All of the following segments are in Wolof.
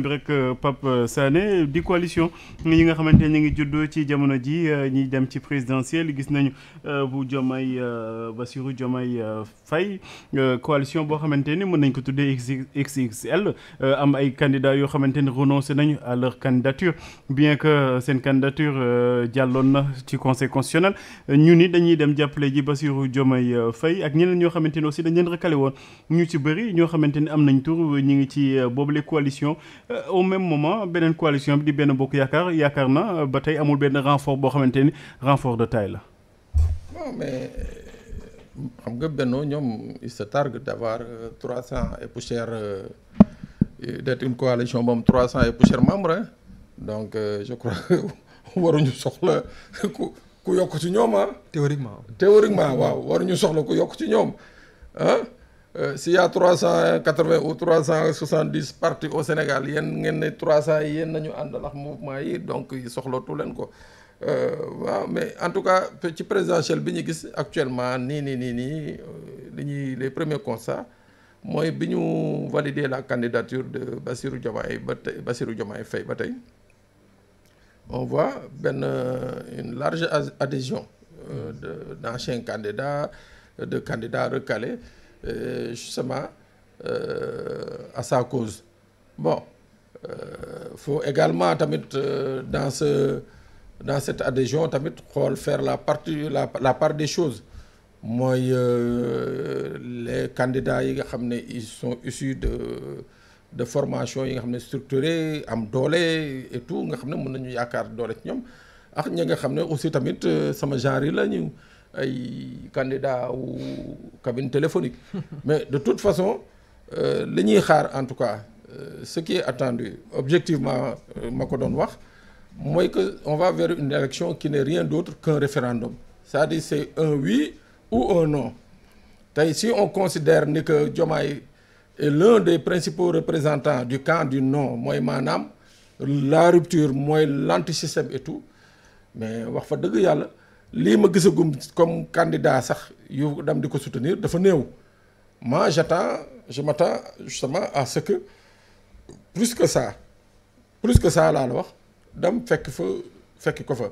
bi rek euh, Pape Sané di coalition yi nga xamante ñu ngi juddoo ci jamono ji euh, ñiy dem ci présidentielle gis nañu euh, bu Diomaye Bassirou Diomaye fay coalition boo xamante ni mën nañ ko tuddee XXL am ay candidats yoo xamante ni renoncé nañu à leur candidature bien que seen candidature jàlloon na ci conseil constitutionnel ñu ni dañuy dem jàppale ji Bassirou Diomaye fay ak ñeneen ñoo xamante ni aussi dañ leen recalé woon ñu ci bëri ñoo xamante ni am nañ tur ñu ngi ci boobule coalition Euh, au même moment beneen coalition bi di benn bokk yaakaar yaakaar na euh, ba tey amul benn renfort boo xamante ni renfort de taille la. non mais euh, xam nga Benno ñoom il se targue d'avoir trois cent et poussière d'être une coalition moom trois cent et poussière membres donc je crois que waruñu soxla ku ku yokk ci ñoom ah. théoriquement théoriquement waaw waruñu soxla ku yokk ci ñoom Euh, s'il y a trois cent quatre-vingts ou cent soixante-dix partis au Sénégal yéen ngeen ne trois cent yi yéen nañu ànd ndax mouvement yi donc soxlootu leen ko euh, waaw mais en tout cas ci présidentielle bi ñu gis actuellement nii nii nii nii euh, li ñuy les premiers constats mooy bi ñu valider la candidature de Bassirou Diomaye ba tey Bassirou Diomaye Faye ba tey on voit benn une large adhésion de d'anciens candidats de candidats recalés Euh, justement euh, à sa cause bon euh, foo également tamit dans ce dans cette adhésion tamit xool faire la partie la la part des choses mooy les candidats yi nga xam ne ils sont issus de de formation yi nga xam ne structurée am doole et tout nga xam ne mën nañu yaakaar doole ci ñoom ak ñi nga xam ne aussi tamit sama genre yi la ñu. ay candidat wu cabine téléphonique mais de toute façon euh, li ñuy xaar en tout cas euh, ce qui est attendu objectivement euh, ma ko doon wax mooy que on va vers une élection qui n'est rien d'autre qu'un référendum c'est-à-dire c'est un oui ou un non tey si on considère ni que Diomaye est l'un des principaux représentants du camp du non mooy maanaam la rupture mooy l'antisystème et tout mais wax fa dëgg yàlla lii ma gisagum comme candidat sax yu dem di ko soutenir dafa néew moi j'attends je m'attends justement à ce que plus que ça plus que ça laa la wax dem fekk fa fekk ko fa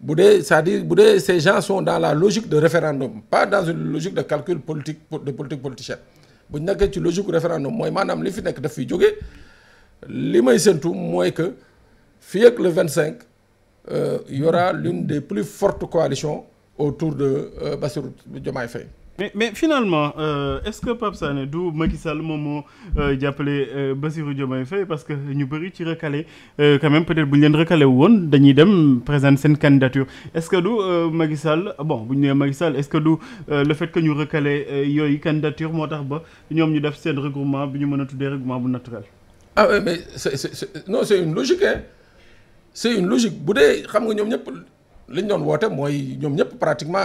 bu dee cest à bu dee ces gens sont dans la logique de référendum pas dans une logique de calcul politique de politique politicienne bu ñu nekkee ci logique référendum mooy maanaam li fi nekk daf fiy jógee li may séntu mooy que fii ak le 25. euh, il y aura l'une des plus fortes coalitions autour de euh, Bassirou Diomaye Faye mais mais finalement euh, est-ce que Pape Sané du Macky Sall moom moo euh, jàppale euh, Bassirou Diomaye Faye parce que ñu bëri ci recalé quand même peut-être bu ñu leen recalé woon dañuy dem présenter seen candidature est-ce que du Macky Sall bon bu ñu nee Macky Sall est-ce que du le fait que ñu recalé yooyu candidature moo tax ba ñoom ñu def seen regroupement bi ñu mën a tuddee regroupement bu naturel. ah mais c'est, c'est une logique bu dee xam nga ñoom ñëpp li ñu doon woote mooy ñoom ñëpp pratiquement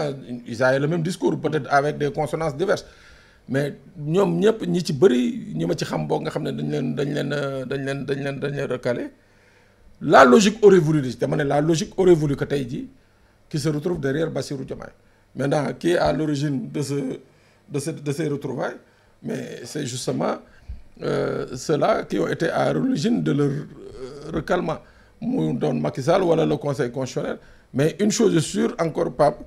ils avaient le même discours peut-être avec des consonances diverses mais ñoom ñëpp ñi ci bëri ñi ma ci xam boog nga xam ne dañ leen dañ leen dañ leen dañ leen dañ leen recalé la logique aurait voulu di dama ne la logique aurait voulu que tey jii qui se retrouve derrière Bassirou Diomaye maintenant qui est à l'origine de ce de ce de ces retrouvailles mais c'est justement euh, ceux-là qui ont été à l'origine de leur euh, recalement mu doon Macky Sall wala le conseil constitutionnel mais une chose est sûre encore Pape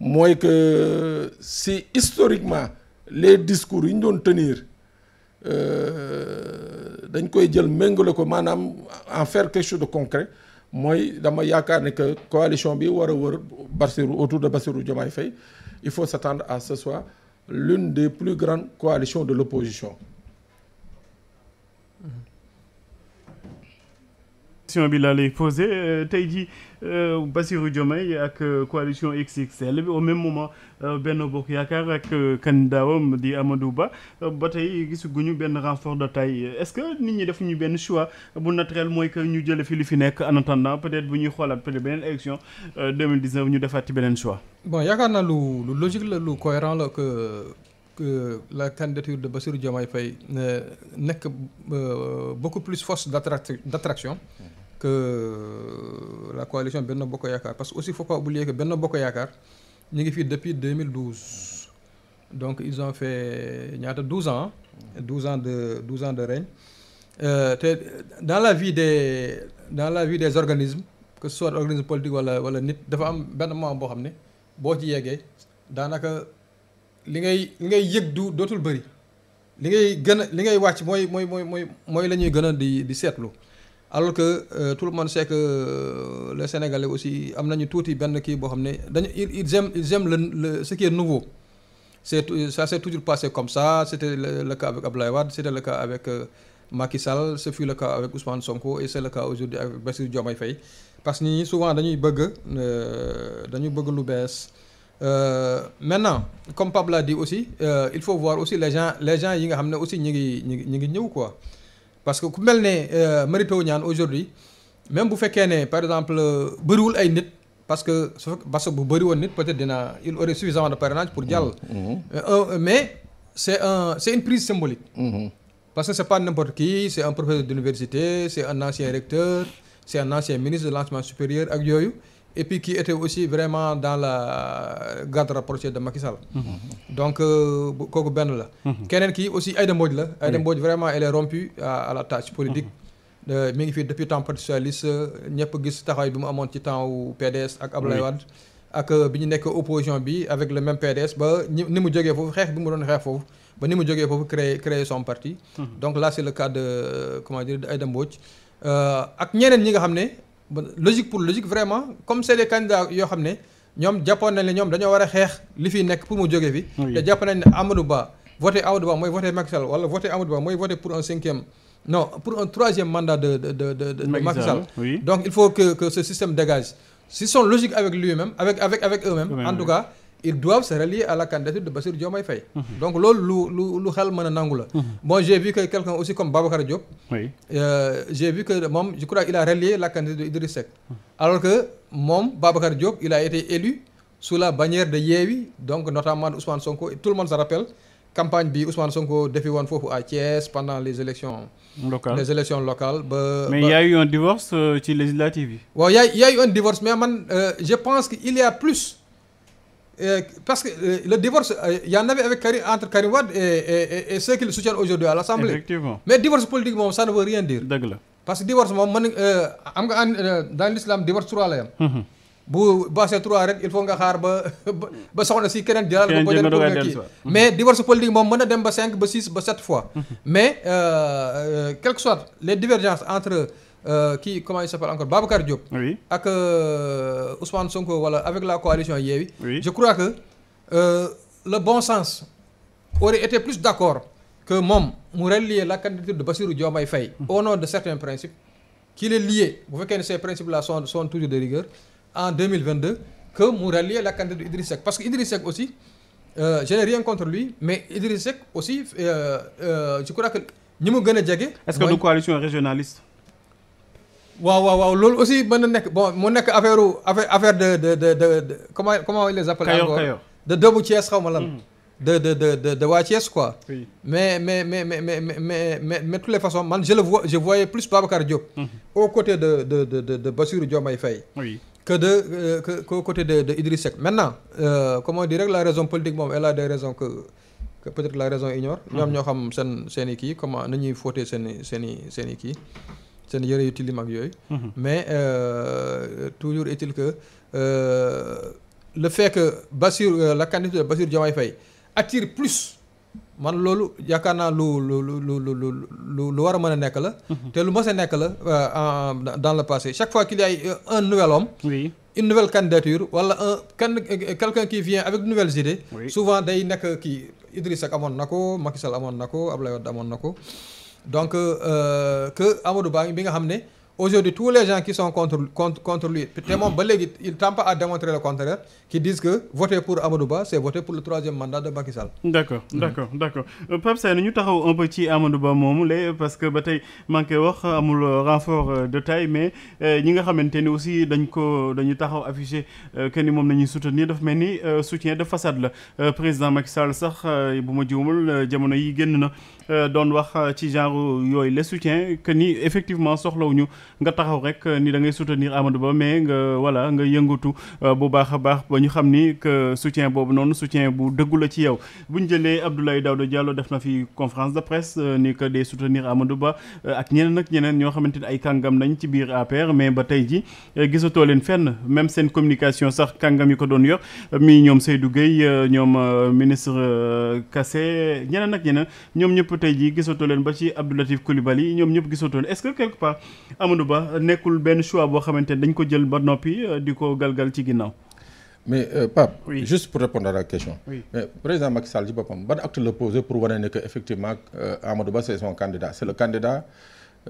mooy que si historiquement les discours yi ñu doon tenir euh, dañ koy jël méngale ko maanaam en faire quelque chose de concret mooy dama yaakaar ne que coalition bi war a wër Bassirou autour de Bassirou Diomaye Faye il faut s'attendre à ce soit l'une des plus grandes coalitions de l'opposition question bi laa lay posé euh, tey jii euh, Bassirou Diomaye ak euh, coalition XXL bi au même moment benn Bokk Yaakaar ak kandidaawam di Amadou Ba ba tey gisaguñu benn renfort de taille est-ce que nit ñi ñu benn choix bu naturel mooy que ñu jële fi li fi nekk en attendant peut-être bu ñuy xoolaat peut-être beneen élection ñu defaat ci beneen choix. bon yaakaar naa lu lu logique la lu cohérent la que. la candidature de Bassirou Diomaye Faye euh, nekk euh, beaucoup plus force d'attraction mhm. que euh, la coalition Benno Bokk Yaakaar parce que aussi faut pas oublier benn Benno Bokk Yaakaar ñu ngi fii depuis 2012 donc ils ont fait ñaata 12 ans 12 mhm. ans de 12 ans de règne te dans la vie des dans la vie des organismes que ce soit organisme politique wala wala nit dafa am benn moment boo xam ne boo ci yeggee daanaka li ngay li ngay yëg du dootul bëri li ngay gën a li ngay wàcc mooy mooy mooy mooy mooy la ñuy gën a di di seetlu alors que euh, tout le monde sait que euh, aussi am nañu tuuti benn kii boo xam ne dañu ils aiment ils aiment le le ce qui est nouveau c'est ça s'est toujours comme ça c'était le, le cas avec Abdoulaye Wade c'était le cas avec euh, Macky Sall ce fut le cas avec Ousmane Sonko et c'est le cas aujourd'hui avec Bassirou Diomaye Faye parce que nit ñi souvent dañuy bëgg euh, dañu bëgg lu bees Euh, maintenant comme Pape l'a dit aussi euh, il faut voir aussi les gens les gens yi nga xam ne aussi ñu ngi ñu ngi ñu ngi ñëw quoi parce que ku mel ne euh, Mary Teuw Niane aujourd'hui même bu fekkee ne par exemple euh, bëriwul ay nit parce que su parce que bu bëri woon nit peut-être dina il aurait suffisamment de parrainage pour jàll. Mmh. Euh, mais c'est un c'est une prise symbolique. Mmh. parce que c'est pas n'importe qui c'est un professeur d'université c'est un ancien recteur c'est un ancien ministre de yooyu. et puis qui était aussi vraiment dans la garde rapprochée de Macky Sall. Mhm. donc euh, kooku benn la. Mhm. keneen kii aussi Aïda Mbodj la. Aïda Mbodj vraiment elle est rompue à la tâche politique. Mhm. mi ngi fi depuis temps parti socialiste ñëpp gis taxawaay bi mu amoon ci temps wu PDS ak ak euh, bi ñu nekk opposition bi avec le même PDS ba ni mu jógee foofu xeex bi mu doon xeex foofu ba ni mu jógee foofu créer créer son parti. donc là c'est le cas de comment dire de euh, ak ñeneen ñi nga xam ne. logique pour logique vraiment comme c'est des yoo xam ne ñoom jàppoon nañ ne ñoom dañoo war a xeex li fi nekk pour mu jóge fi te jàpp nañ ne Amadou Ba voté Amadou Ba mooy voté Macky Sall wala voté Amadou Ba mooy voté pour un cinquième non pour un troisième mandat de de de de, de donc il faut que que ce système dégage s'ils sont logiques avec lui-même avec avec avec eux-mêmes en tout ils doivent se relier à la candidature de Bassirou Diomaye Faye donc loolu lu lu lu xel mën a nangu la bon j'ai vu que quelqu'un aussi comme Babacar Diop oui euh, vu que moom je crois il a relié la candidature de Idriss Seck alors que moom Babacar Diop il a été élu sous la bannière de Yewwi donc notamment de Ousmane Sonko tout le monde se rappelle bi Ousmane Sonko defi woon foofu à Thiès pendant les élections locales les élections locales ba. mais y a eu un divorce euh, ci législative man euh, je pense que il y a Euh, parce que euh, le divorce euh, y en avec Karim entre Karim Wade et et aujourd'hui à l'Assemblée. mais divorce politique moom ça ne veut rien parce que divorce moom mën am nga dans l'islam divorce trois la mhm. bu basé trois rek il faut nga xaar ba ba soxna si keneen jëlaat ko ba leen kii mais divorce politique moom mën a dem ba cinq ba six ba sept fois mhm. mais quel soit les divergences entre Euh, kii euh, comment il Babacar Diop. oui ak euh, Ousmane Sonko wala avec la coalition Yewwi. oui je crois que euh, le bon sens aurait été plus d'accord que moom mu lie la candidature de Bassirou Diomaye Faye. au nom de certains principes. qui les lié bu fekkee ne ces principes là sont sont toujours de rigueur en deux que mu relier la candidature d'Idriss Seck parce que Idriss Seck aussi euh, je contre lui mais Idriss Seck aussi euh, je crois que ñi mu gën a jege. est-ce que du coalition régionaliste. waaw waaw loolu aussi mën na nekk bon mu nekk affaire affaire affaire de de de de comment comment ils les de lan. Hmm. de de de de de waa mais mais mais mais mais mais mais mais toutes les façons man je le vois je voyais plus Babacar Diop. Mm -hmm. de de de de de Bassirou Diomaye Faye. oui que de euh, que qu'au de de Idriss Seck. maintenant euh, comment dire la raison politique moom elle a des raisons que que peut-être la raison ignore. Hmm. ñoom ñoo xam seen seen i kii comment nañuy fóotee seen i seen i seen i kii. seen yëre yu tilim ak yooyu. Mhm. mais euh, toujours est-il que euh, le fait Bassir euh, la candidature de Bassir fay Faye attire plus. man loolu yaakaar naa lu lu lu lu lu lu war a mën a nekk la. Mhm. te lu mës nekk la euh, en dans le passé chaque fois qu'il y a un nouvel homme. une nouvelle candidature wala un kenn euh, quelqu'un qui vient avec de nouvelles idées. souvent day nekk kii Idrissa Seck amoon na ko Macky Sall amoon na ko Abdoulaye Wade amoon na ko. donc euh, que Amadou Ba bi nga xam ne aujourd'hui tous les gens qui sont contre contre contre te moom ba léegi il tend pas à démontrer le contraire qui disent que voter pour Amadou Ba c'est voter le troisième mandat de Macky Sall. d'accord mm-hmm. d'accord d'accord euh, ñu taxaw un peu ci Ba moomu la parce que ba tey maa ngi koy wax amul euh, renfort euh, de taille mais ñi nga xamante ni aussi dañ ko dañu taxaw affiché que ni moom nañuy soutenir dafa mel ni soutien de façade la président Macky Sall sax bu ma juumul jamono yi génn na. Euh, doon wax euh, ci genre euh, yooyu les soutiens que ni effectivement soxlawuñu nga taxaw rek ni da ngay soutenir Amadou Ba mais nga voilà nga yëngatu bu baax a baax ba ñu xam ni que soutien boobu noonu soutien bu dëggu la ci yow. bu ñu jëlee Abdoulaye Daouda Diallo def na fi conférence de presse ni que day soutenir Amadou Ba ak ñeneen ak ñeneen ñoo xamante ni ay kàngam nañ ci biir APR mais ba tey ji gisatoo leen fenn même seen communication sax kàngam yi ko doon yor mi ñoom Seydou Gueye ñoom ministre Kassé ñeneen ak ñeneen ñoom ñëpp. ñëpp tey jii gisatoo leen ba ci Abdou Latif Coulibaly ñoom ñëpp gisatoo leen est-ce quelque part Amadou Ba nekkul benn choix boo xamante ne dañ ko jël ba noppi euh, di ko galgal ci ginnaaw. mais euh, Pape. Oui. juste pour répondre à la question. Oui. mais président Macky Sall ci boppam ban acte la posé pour wane ne que effectivement euh, Amadou Ba c'est son candidat c'est le candidat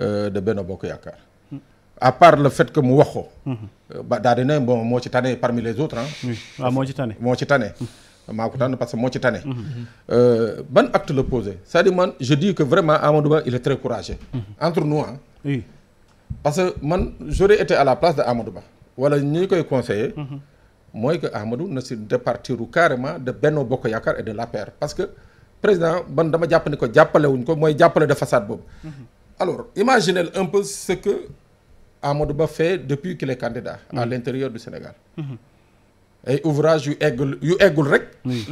euh, de Benno Bokk Yaakaar. Hmm. à part le fait que mu wax ko. Hmm. Euh, ba daal di bon moo ci tane parmi les autres ah. oui waaw moo ci tane hmm. maa ko tànn parce que moo ci tane. Mhm. Euh, ban acte la posé cest à man je dis que vraiment Amadou Ba il est très courageux. Mhm. entre nous parce que man j'aurais été à la place de Amadou Ba wala ñi koy conseiller. Mhm. mooy que Amadou na si départiru carrément de Benno Bokk Yaakaar et de l'APR parce que président ban dama jàpp ni ko jàppale wuñ ko mooy jàppale de façade boobu. alors imaginez un peu ce que Amadou Ba fait depuis qu'il est candidat. à l'intérieur du Sénégal. ay ouvrage yu eggul yu eggul rek.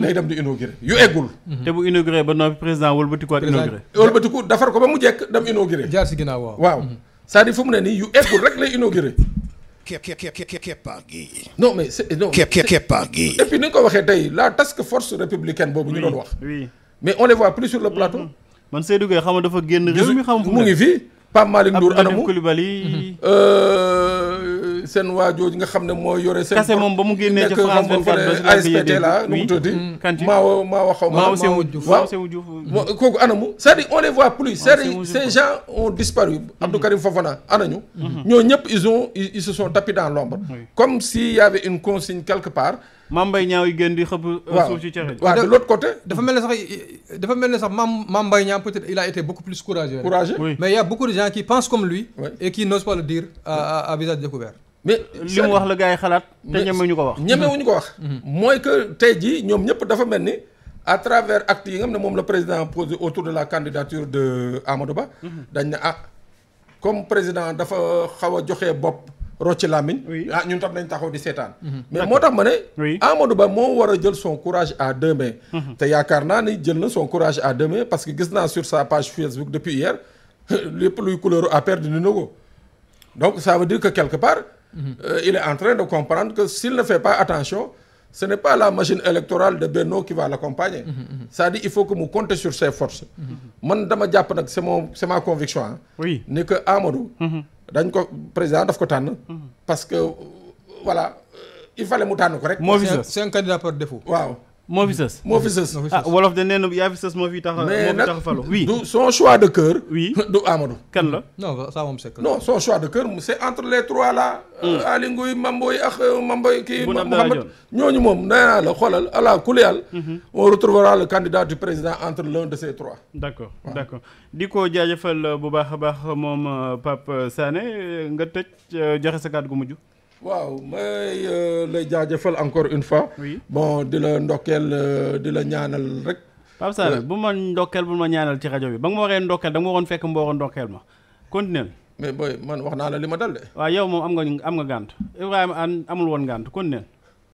lay dem di inauguré yu eggul. Mhm. te bu inauguré ba noppi président wëlbatiku ak inauguré. wëlbatiku defar ko ba mu jekk dem inauguré. jaar si ginnaaw waaw waaw. Mhm. c'est-à-dire fu mu ne nii yu eggul rek lay inauguré. képp képp képp keppaar gi. non mais c'est non képp képp keppaar gi. et puis ni nga ko waxee tey la task force républicaine boobu ñu doon wax. oui mais on les voit plus sur le plateau. Mhm. man Seydou Gueye xam nga dafa génn réew mi xam fu mu ngi fi Pape Malick Ndour anamu Abdoulaye Coulibaly. Euh, seen waajooju nga xam ne moo yore seen kase moom ba mu génnee ca France 24 ASPT la nu mu tuddi maawo mm. maawo xaw ma Sewu Diouf waaw Sewu Diouf kooku anamu c'est-à-dire on les voit plus c'est-à-dire ces gens ont disparu mm-hmm. Abdou Karim Fofana anañu mm-hmm. ñoo ñëpp ils ont ils se sont tapis dans l'ombre comme s'il y avait une consigne quelque part maam Mbaye Niang yi gën di xëpp euh, suuf ci cexe waaw de l'autre côté dafa mel ne sax dafa mel ne sax maam maam Mbaye Niang peut-être il a été beaucoup plus courageux courageux mais il y a beaucoup de gens qui pensent comme lui et qui n'osent pas le dire à visage découvert mais li mu wax la gars yi xalaat. te ñemewuñu ko wax ñemewuñu ko wax. Mhm. mooy que tey jii ñoom ñëpp dafa mel ni à travers acte yi nga ne moom la président posé autour de la candidature de Amadou Ba. Mhm. dañ ne ah comme président dafa xaw a joxe bopp. rocci Lamine. ah ñun tam nañ taxaw di seetaan. Mhm. mais moo tax ma ne. Amadou Ba moo war a jël son courage à deux mains. te yaakaar naa ni jël na son courage à deux parce que gis naa sur sa page Facebook depuis hier lépp luy couleur à perdre dina ko donc ça veut dire que Euh, il est en train de comprendre que s'il ne fait pas attention, ce n'est pas la machine électorale de Benno qui va l'accompagner. Mm-hmm, mm-hmm. C'est-à-dire il faut que mu compter sur ses forces. Mm-hmm. man dama jàpp nag c'est ma conviction ah. ni que Amadou. dañ ko président daf ko tànn. parce que voilà euh, il fallait mu tànn ko rek. moo c'est un candidat par défaut. waaw. moo fi sës moo fi sës ah wolof de nee na yaa fi sës moo fi tax a moo fi tax falu du son choix de cœur du Amadou kan la hmm. non ça moom c'est que non son choix de cœur c'est entre les trois là hmm. euh, Aly Ngouille Mamboy ak euh, Mamboy kii Mouhamed ñooñu moom nee naa la xoolal ala kulli yàlla mhm. on retrouvera le candidat du président entre l'un de ces trois d'accord d'accord di ko jaajëfal bu baax a baax moom euh, Pape Sané nga tëj joxe sa kàddu gu mujj waaw may euh, lay jaajëfal encore une fa oui bon di la ndokkeel euh, di la ñaanal rek. Pape Sané bu ma ndokkeel bu ma ñaanal ci rajo bi ba nga ma waxee ndokkeel da nga ma waroon fekk mbooro ndokkeel ma continuel mais booy man wax naa la li ma dal de. waaw yow moom am nga am nga gànt Ibrahima amul woon gànt continuel